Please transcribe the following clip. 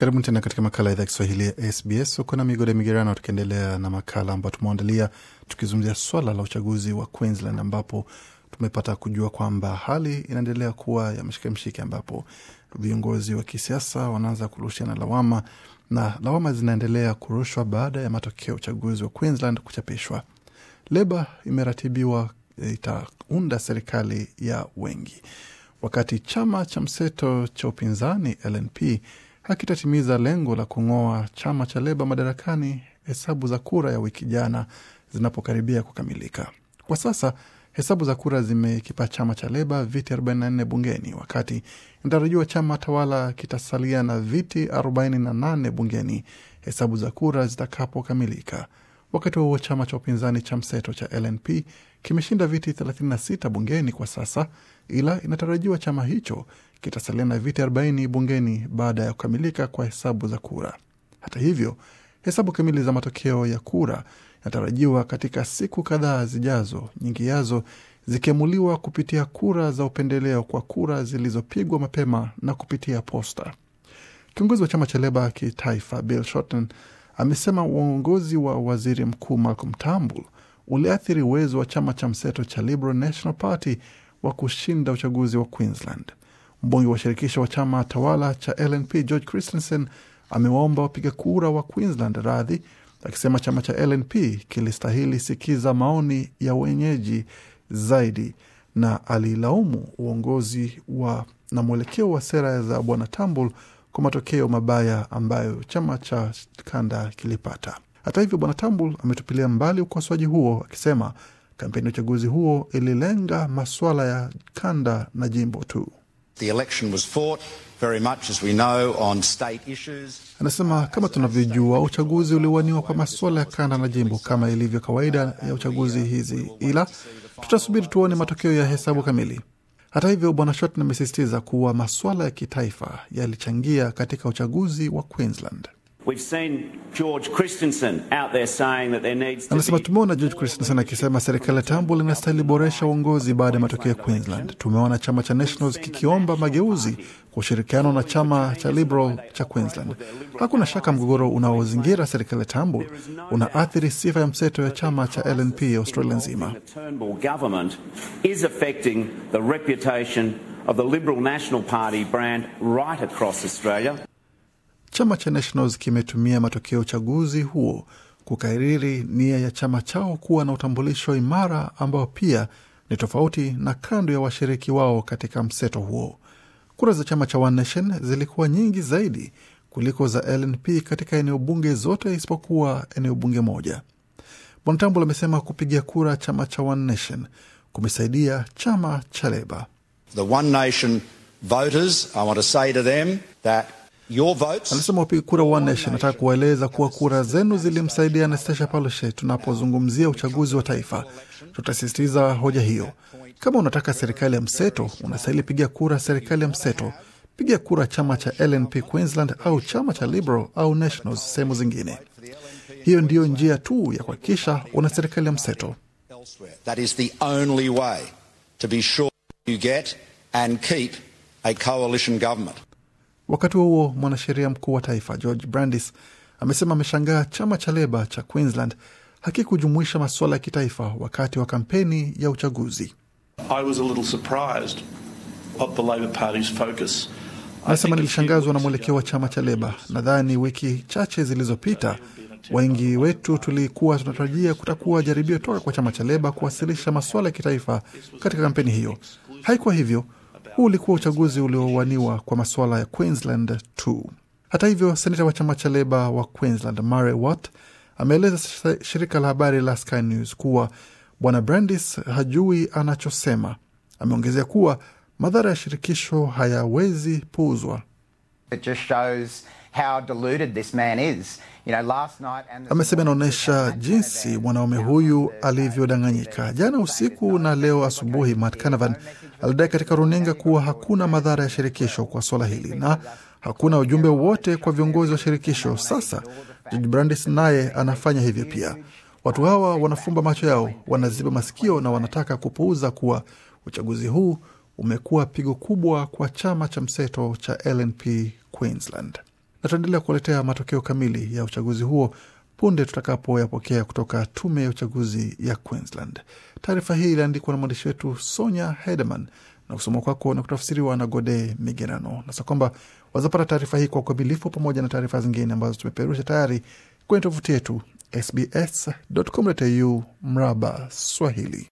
Karibuni tena katika makala ya idhaa Kiswahili ya SBS. Uko na Migode Migerano, tukiendelea na makala ambayo tumeandalia tukizungumzia swala la uchaguzi wa Queensland, ambapo tumepata kujua kwamba hali inaendelea kuwa ya mshike mshike, ambapo viongozi wa kisiasa wanaanza kurushiana lawama na lawama zinaendelea kurushwa baada ya matokeo ya uchaguzi wa Queensland kuchapishwa. Leba imeratibiwa e, itaunda serikali ya wengi, wakati chama cha mseto cha upinzani LNP hakitatimiza lengo la kung'oa chama cha Leba madarakani hesabu za kura ya wiki jana zinapokaribia kukamilika. Kwa sasa hesabu za kura zimekipa chama cha Leba viti 44 bungeni, wakati inatarajiwa chama tawala kitasalia na viti 48 bungeni hesabu za kura zitakapokamilika. Wakati huo chama cha upinzani cha mseto cha LNP kimeshinda viti 36 bungeni kwa sasa, ila inatarajiwa chama hicho kitasalia na viti 40 bungeni baada ya kukamilika kwa hesabu za kura. Hata hivyo, hesabu kamili za matokeo ya kura yanatarajiwa katika siku kadhaa zijazo, nyingi yazo zikiamuliwa kupitia kura za upendeleo kwa kura zilizopigwa mapema na kupitia posta. Kiongozi wa chama cha Leba kitaifa Bill Shorten amesema uongozi wa waziri mkuu Malcolm Turnbull uliathiri uwezo wa chama cha mseto cha Liberal National Party wa kushinda uchaguzi wa Queensland. Mbunge wa shirikisho wa chama tawala cha LNP George Christensen amewaomba wapiga kura wa Queensland radhi, akisema chama cha LNP kilistahili sikiza maoni ya wenyeji zaidi, na alilaumu uongozi wa na mwelekeo wa sera za bwana Tambul kwa matokeo mabaya ambayo chama cha kanda kilipata. Hata hivyo, bwana Tambul ametupilia mbali ukosoaji huo akisema kampeni ya uchaguzi huo ililenga masuala ya kanda na jimbo tu. The election was fought very much as we know on state issues. Anasema kama tunavyojua, uchaguzi uliwaniwa kwa masuala ya kanda na jimbo kama ilivyo kawaida ya uchaguzi hizi, ila tutasubiri tuone matokeo ya hesabu kamili. Hata hivyo, Bwana Shorten amesisitiza kuwa masuala ya kitaifa yalichangia katika uchaguzi wa Queensland. Anasema tumeona George Christensen akisema serikali ya tambul inastahili boresha uongozi baada ya matokeo ya Queensland. Tumeona chama cha Nationals kikiomba mageuzi kwa ushirikiano na chama cha Liberal cha Queensland. Hakuna shaka mgogoro unaozingira serikali ya Turnbull unaathiri sifa ya mseto ya chama cha LNP ya Australia nzima. Chama cha Nationals kimetumia matokeo ya uchaguzi huo kukariri nia ya chama chao kuwa na utambulisho imara ambao pia ni tofauti na kando ya washiriki wao katika mseto huo. Kura za chama cha One Nation zilikuwa nyingi zaidi kuliko za LNP katika eneo bunge zote isipokuwa eneo bunge moja. Bontambo amesema kupiga kura chama cha One Nation kumesaidia chama cha Leba anasema wapiga mwapiga kura wa Nation, nataka kuwaeleza kuwa kura zenu zilimsaidia Anastasia Palaszczuk tunapozungumzia uchaguzi wa taifa. Tutasisitiza hoja hiyo. Kama unataka serikali ya mseto, unastahili piga kura serikali ya mseto. Piga kura chama cha LNP Queensland au chama cha Liberal au Nationals sehemu zingine. Hiyo ndiyo njia tu ya kuhakikisha una serikali ya mseto. That is the only way to be sure you get and keep a coalition government. Wakati huo huo, mwanasheria mkuu wa taifa George Brandis amesema ameshangaa chama cha Leba cha Queensland hakikujumuisha masuala ya kitaifa wakati wa kampeni ya uchaguzi. Anasema nilishangazwa na mwelekeo wa chama cha Leba. Nadhani wiki chache zilizopita, wengi wetu tulikuwa tunatarajia kutakuwa jaribio toka kwa chama cha Leba kuwasilisha masuala ya kitaifa katika kampeni hiyo. Haikuwa hivyo. Huu ulikuwa uchaguzi uliowaniwa kwa masuala ya Queensland tu. Hata hivyo, seneta wa chama cha Leba wa Queensland Murray Watt ameeleza shirika la habari la Sky News kuwa bwana Brandis hajui anachosema. Ameongezea kuwa madhara ya shirikisho hayawezi puuzwa. It just shows Amesema inaonyesha jinsi mwanaume huyu alivyodanganyika. Jana usiku na leo asubuhi, Matt Canavan alidai katika runinga kuwa hakuna madhara ya shirikisho kwa swala hili na hakuna ujumbe wote kwa viongozi wa shirikisho. Sasa Judge Brandis naye anafanya hivyo pia. Watu hawa wanafumba macho yao, wanaziba masikio na wanataka kupuuza kuwa uchaguzi huu umekuwa pigo kubwa kwa chama cha mseto cha LNP Queensland na tutaendelea kuwaletea matokeo kamili ya uchaguzi huo punde tutakapoyapokea kutoka tume ya uchaguzi ya Queensland. Taarifa hii iliandikwa na mwandishi wetu Sonya Hedeman na kusoma kwako na kutafsiriwa na Gode Migerano, na sa kwamba wazapata taarifa hii kwa ukamilifu pamoja na taarifa zingine ambazo tumeperusha tayari kwenye tovuti yetu sbs.com.au mraba Swahili.